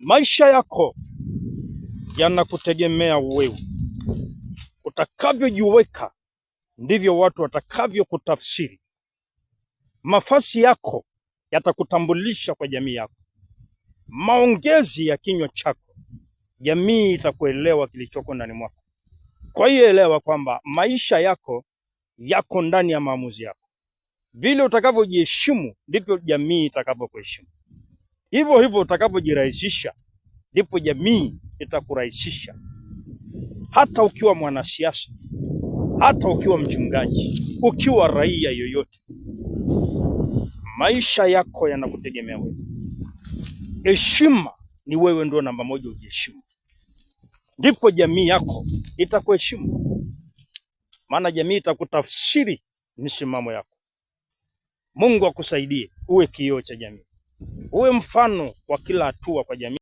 Maisha yako yanakutegemea wewe. Utakavyojiweka ndivyo watu watakavyokutafsiri. Mafasi yako yatakutambulisha kwa jamii yako. Maongezi ya kinywa chako, jamii itakuelewa kilichoko ndani mwako. Kwa hiyo elewa kwamba maisha yako yako ndani ya maamuzi yako. Vile utakavyojiheshimu ndivyo jamii itakavyokuheshimu. Hivyo hivyo utakapojirahisisha ndipo jamii itakurahisisha, hata ukiwa mwanasiasa, hata ukiwa mchungaji, ukiwa raia yoyote, maisha yako yanakutegemea wewe. Heshima ni wewe ndio namba moja, ujiheshimu, ndipo jamii yako itakuheshimu, maana jamii itakutafsiri misimamo yako. Mungu akusaidie uwe kioo cha jamii uwe mfano wa kila hatua kwa jamii.